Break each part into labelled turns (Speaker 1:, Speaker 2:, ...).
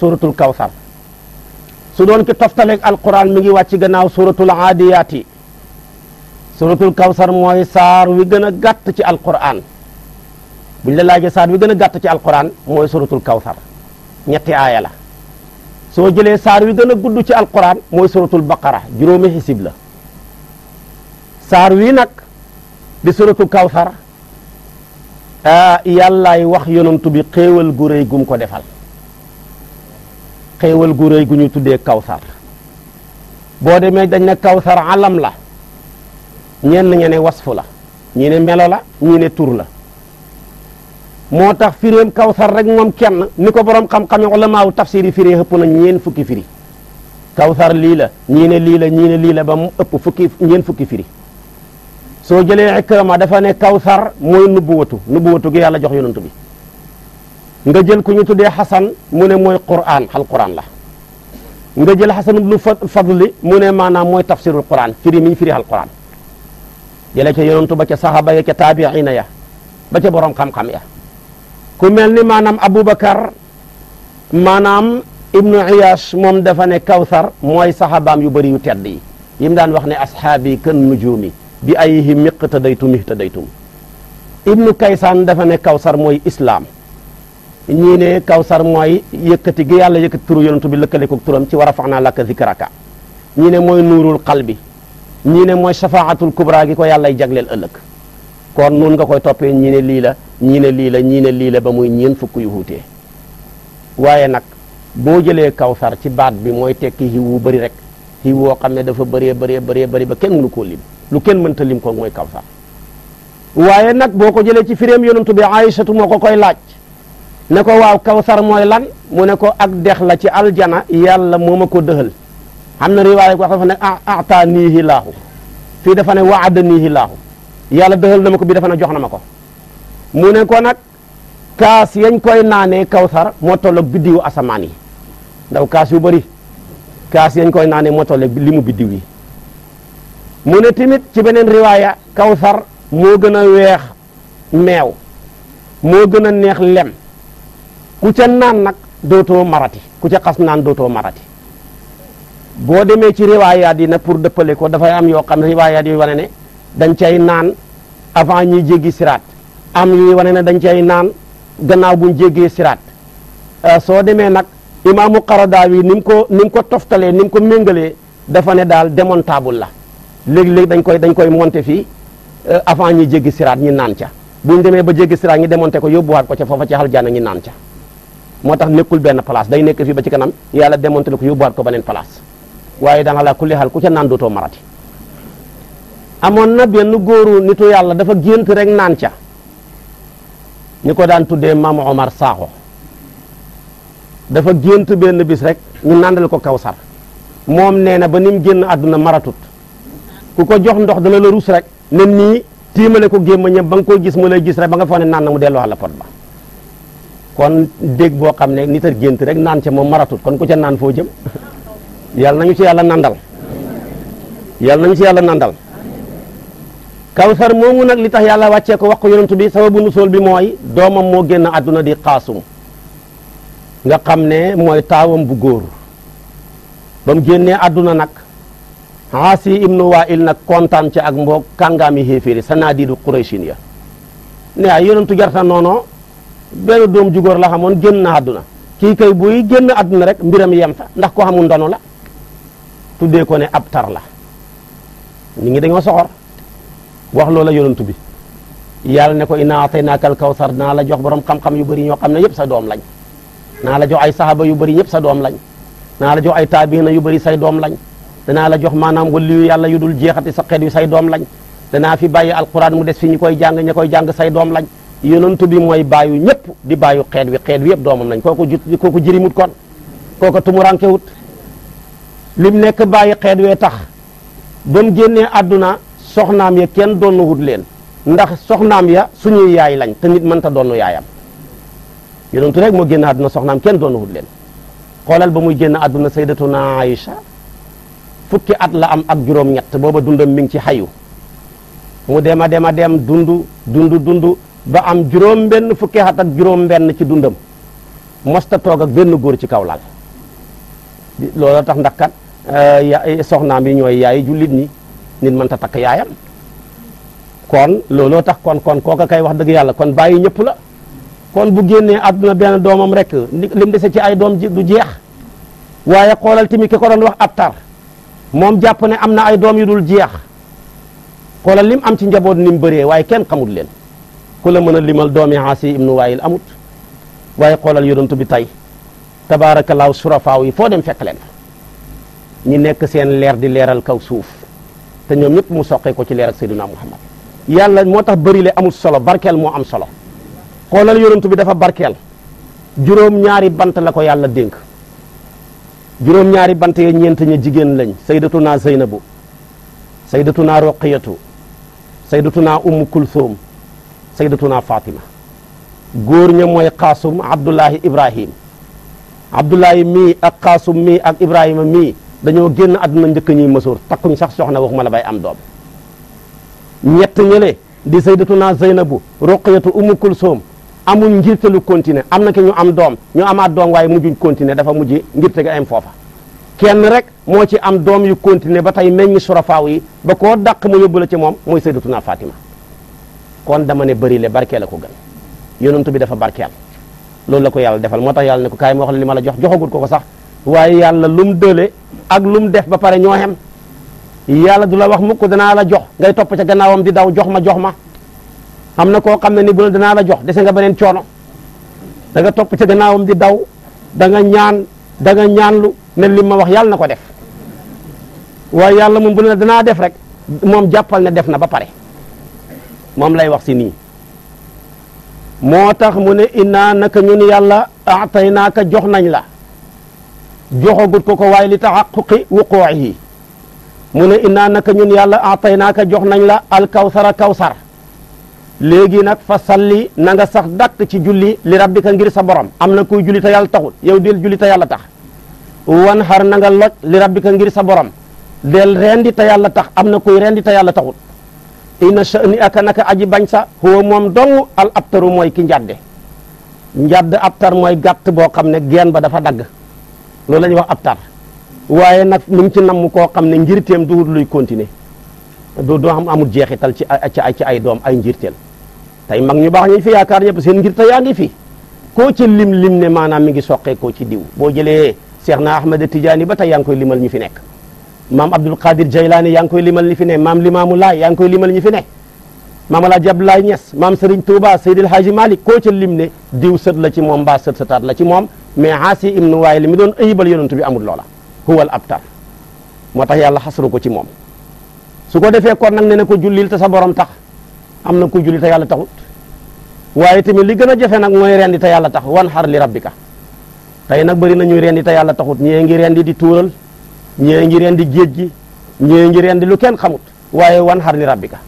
Speaker 1: suratul kawsar su doon ki toftaleeg alquran mi ngi wàcc gannaaw suratul aadiyaati suratul kawsar mooy saar wi gën a gàtt ci alquran buñ la laajee saar wi gën a gàtt ci alquran mooy suratul kawsar ñetti aaya la soo jëlee saar wi gën a gudd ci alquran mooy suratul baqara juróomi xisib la saar wi nag di suratul kawsar ah, yàllaay wax yonantu bi xéewal gu gum ko defal xéewal gu rëy gu ñuy tuddee kawsar boo demee dañ ne kawsar alam la ñenn ñe ne wasfu la ñi ne melo la ñi ne tur la moo tax firéem kawsar rek moom kenn ni ko borom xam-xam yi ulamaaw tafsir yi firee xëpp na ñeen fukki firi kawsar lii la ñii ne lii la ñii ne lii la ba mu ëpp fukki ñeen fukki firi soo jëlee ikrama dafa ne kawsar mooy nubbuwatu nubbuwatu gi yàlla jox yonantu bi nga jël ku ñu tuddee xasan mu ne mooy quraan xal quraan la nga jël xasan ibnu fadli mu ne maanaam mooy tafsirul quraan firi mi ñu firi xal quraan jëlee ca yonantu ba ca saxaaba ya ca taabiina ya ba ca borom xam-xam ya ku mel ni maanaam aboubacar maanaam ibnu iyaas moom dafa ne kawsar mooy saxaabaam yu bëri yu tedd yi yim daan wax ne ashaabi kan nujuumi bi ay ayihim miqtadaytum ihtadaytum ibnu kaysaan dafa ne kawsar mooy islaam ñii ne kawsar mooy yëkkati gi yàlla yëkkati turu yonentu bi lëkkale ko turam ci war a fax naa làkk zikraka ñii ne mooy nuurul qalbi ñii ne mooy shafaatul kubra gi ko yàllay jagleel ëllëg kon noonu nga koy toppee ñii ne lii la ñii ne lii la ñii ne lii la ba muy ñeen fukk yu wuutee waaye nag boo jëlee kawsar ci baat bi mooy tekki xiw wu bëri rek xiw woo xam ne dafa bëree bëree bëree bëri ba kenn mënu koo lim lu kenn mënta lim ko mooy kawsar waaye nag boo ko jëlee ci firéem yonentu koy laaj ne ko waaw kawsar mooy lan mu ne ko ak dex la ci aljana yàlla moo ma ko dëxal xam na riwaaya ko wax dafa ne ah, ata niihi laahu fii dafa ne waada niihi laahu yàlla dëxal na ma ko bii dafa ne jox na ma ko mu ne ko nag kaas yañ koy naanee kawsar moo tolloog biddiw asamaan yi ndaw kaas yu bari kaas yañ koy naanee moo tolloog li mu biddiw yi mu ne tamit ci beneen riwaaya kawsar moo gën a weex meew moo gën a neex lem ku ca naan nag dootoo marati ku ca xas naan dootoo marati boo demee ci riwaayaat yi nag pour dëppale ko dafay am yoo xam ne riwaayaat yi wane ne dañ cay naan avant ñuy jéggi siraat am yi wane ne dañ cay naan gannaaw bu jéggee siraat euh, soo demee nag imaamu Qaradaawi ni mu ko ni mu ko toftalee ni mu ko méngalee dafa ne daal démontable la léegi-léegi dañ koy dañ koy monter fii euh, afan ñuy jéggi siraat ñi naan ca buñ demee ba jéggi siraat ñi démonté ko yóbbuwaat ko ca foofa ci xal jaana ñi naan ca moo tax nekkul benn place day nekk fii ba ci kanam yàlla démonté ko yóbbuwaat ko beneen place waaye danga la kulli xaal ku ca naan dootoo marati amoon na benn góoru nitu yàlla dafa gént rek naan ca ñu ko daan tuddee maam Omar Sakho dafa gént benn bis rek ñu nandal ko kawsar moom nee na ba ni mu génn àdduna maratut ku ko jox ndox dana a rus rek ne nii tiimale ko gémmañam ba nga koy gis mu lay gis rek ba nga ne naan na mu delluwaat la pot ba kon dégg boo xam ne nit gént rek naan ca moom maratut kon ku ca naan foo jëm yàlla nañu ci yàlla nandal yàlla nañu ci yàlla nandal kawsar moomu nag li tax yàlla wàccee ko wax ko yonent bi sababu nusool bi mooy doomam moo génn àdduna di xaasum nga xam ne mooy taawam bu góor ba mu génnee àdduna nag Aasi waa Waa'il nag kontaan ca ak mboo kàngaami xéeféeri sa naa diidu Qurayshin ya ne ay yonentu jarta noono benn doom ju góor la xamoon génn na kii kay buy génn àdduna rek mbiram yem fa ndax ko xamul ndono la tuddee ko ne ab tar la nit ñi dañoo soxor wax loola yonantu bi yàlla ne ko inna ataynaaka al kawsar naa la jox borom xam yu bari ñoo xam ne yëpp sa doom lañ naa la jox ay sahaba yu bari ñëpp sa doom lañ naa la jox ay taabiina yu bëri say doom lañ danaa la jox maanaam waliyu yàlla yu dul jeexati sa yu say doom lañ danaa fi bàyyi alquran mu des fi ñu koy jàng ña koy jàng say doom lañ yonent bi mooy baayu ñëpp di baayu xeet wi xeet wi yëpp doomam lañ kooku ju kooku jërimut kon kooku tumurankewut lim nekk baayu xeet wee tax ba mu génnee àdduna soxnaam ya kenn doonu wut leen ndax soxnaam ya suñuy yaay lañ te nit doon doonu yaayam yonent rek moo génn àdduna soxnaam kenn doonu wut leen xoolal ba muy génn àdduna sayyidatuna Aïcha fukki at la am ak juróom-ñett booba dundam mi ngi ci xayu mu dem a dem a dem dund dund dund ba am juróom benn fukki at ak juróom benn ci dundam mosta toog ak benn góor ci kaw lal looloo tax ndax kat euh, eh, soxnaam yi ñooy yaay jullit ñi nit mënta takk yaayam kon looloo tax kon kon kooka kay wax dëgg yàlla kon bàyyi ñëpp la kon bu génnee àdduna benn doomam rek li mu dese ci ay doom du jeex waaye xoolal tamit ki ko doon wax attar moom jàpp ne am na ay doom yu dul jeex xoolal lim am ci njaboot ni mu bëree waaye kenn xamul leen ku la mën a limal doomi Aasi ibnu Waayil amut waaye xoolal yonent bi tey tabaarakallaahu surafaaw yi foo dem fekk leen ñi nekk seen leer di leeral kaw suuf te ñoom ñëpp mu soqee ko ci leer ak Seydina Muhammad yàlla moo tax bërile amul solo barkeel moo am solo xoolal yonent bi dafa barkeel juróom ñaari bant la ko yàlla dénk juróom ñaari bant ya ñeent ña jigéen lañ saydatuna Zeynabu saydatuna Roqiyatu saydatuna Ummu Kulthum saydatuna fatima góor ña mooy xaasum abdullahi ibrahim abdullahi mi ak xaasum mii ak ibrahima mii dañoo génn àdduna njëkk ñuy mësuur takkuñ sax soxna waxuma la bay am doom ñett ñële di saydatuna zeynabu ruqiyatu umu kulsoom amuñ ngirte lu continuer am na ki ñu am doom ñu amaat doom waaye mujjuñ continuer dafa mujj ngirte ga am foofa kenn rek moo ci am doom yu continuer ba tey meññi surafaaw yi ba koo dàq mu yóbbu la ci moom mooy saydatuna fatima kon dama ne bëri le barkee la ko gën yonentu bi dafa barkeel loolu la ko yàlla defal moo tax yàlla ne ko kaay ma wax la li ma la jox joxagut ko ko sax waaye yàlla lum dële ak lum def ba pare ñoo xem yàlla du la wax mukk danaa la jox ngay topp ca gannaawam di daw jox ma jox ma am na koo xam ne ni bu la danaa la jox dese nga beneen coono da nga topp ca gannaawam di daw danga nga ñaan da nga ñaanlu ne li ma wax yàlla na ko def waaye yàlla moom bu la danaa def rek moom jàppal ne def na ba pare moom lay wax si nii moo tax mu ne innaa naka ñun yàlla atay naaka jox nañ la joxagut ko ko waay li taxaquqi wuquuhi mu ne innaa naka ñun yàlla atay naaka jox nañ la alkawsara kawsar léegi nag fa salli na nga sax dàkk ci julli li rabbika ngir sa borom am na kuy julli te yàlla taxul yow del julli te yàlla tax wan xar na nga loj li rabbika ngir sa borom del rendi te yàlla tax am na kuy rendi ta yàlla taxul ina sha'ni aka naka aji bañ sa huwa moom dong al abtaru mooy ki njadde njadd abtar mooy gàtt boo xam ne geen ba dafa dagg loolu la ñuy wax abtar waaye nag mu ngi ci namm koo xam ne njirteem du luy continuer du doo xam amul jeexital ci ay ci ay doom ay njirteel tey mag ñu baax ñi fi yaakaar ñëpp seen ngirte yaa fi koo ci lim lim ne maanaam mi ngi soqee koo ci diw boo jëlee Cheikh na Ahmed Tidiane ba tey yaa ngi koy limal ñu fi nekk maam Abdul Qadir Jaylaani yaa ngi koy limal ñi fi ne maam Limaamu Laay yaa ngi koy limal ñi fi ne maam Alaaji Abdoulaye maam Serigne Touba Seydil Haaji Malik koo ca lim diw sët la ci moom mbaa sët sëtaat la ci moom mais Aasi ibnu Waayil mi doon ayibal yonent bi amul loola huwal abtar moo ta yàlla xasru ko ci moom su ko defee kon nag ne ko jullil ta sa borom tax am na ko julli te yàlla taxut waaye tamit li gën a jafe nag mooy rendi te yàlla tax wan xar li rabbika tey nag bëri na ñuy rendi te yàlla taxut ñee ngi rendi di tuural ñee ngi rendi géej gi ñee ngi rendi lu kenn xamut waaye wan xar ni rabbika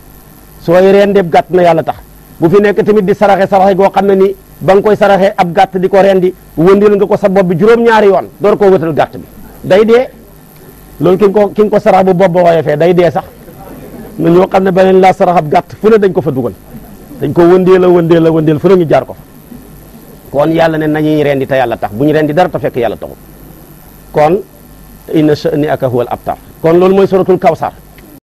Speaker 1: sooy rendee gàtt na yàlla tax bu fi nekk tamit di saraxe saraxe goo xam ne ni ba nga koy saraxe ab gàtt di ko rendi wëndil nga ko sa bopp bi juróom yoon door koo wëtal gàtt day dee loolu ki ko ki ko sarax bu bopp ba woyofee day dee sax ñoo xam ne ba laa sarax gàtt fu dañ ko fa dugal dañ ko wëndeel a wëndeel a wëndeel fu ne ñu jaar ko fa kon yàlla ne nañuy rendi te yàlla tax bu ñu rendi dara te fekk yàlla taxul inna sha'ni'aka huwal abtar kon loolu mooy suratul kawsar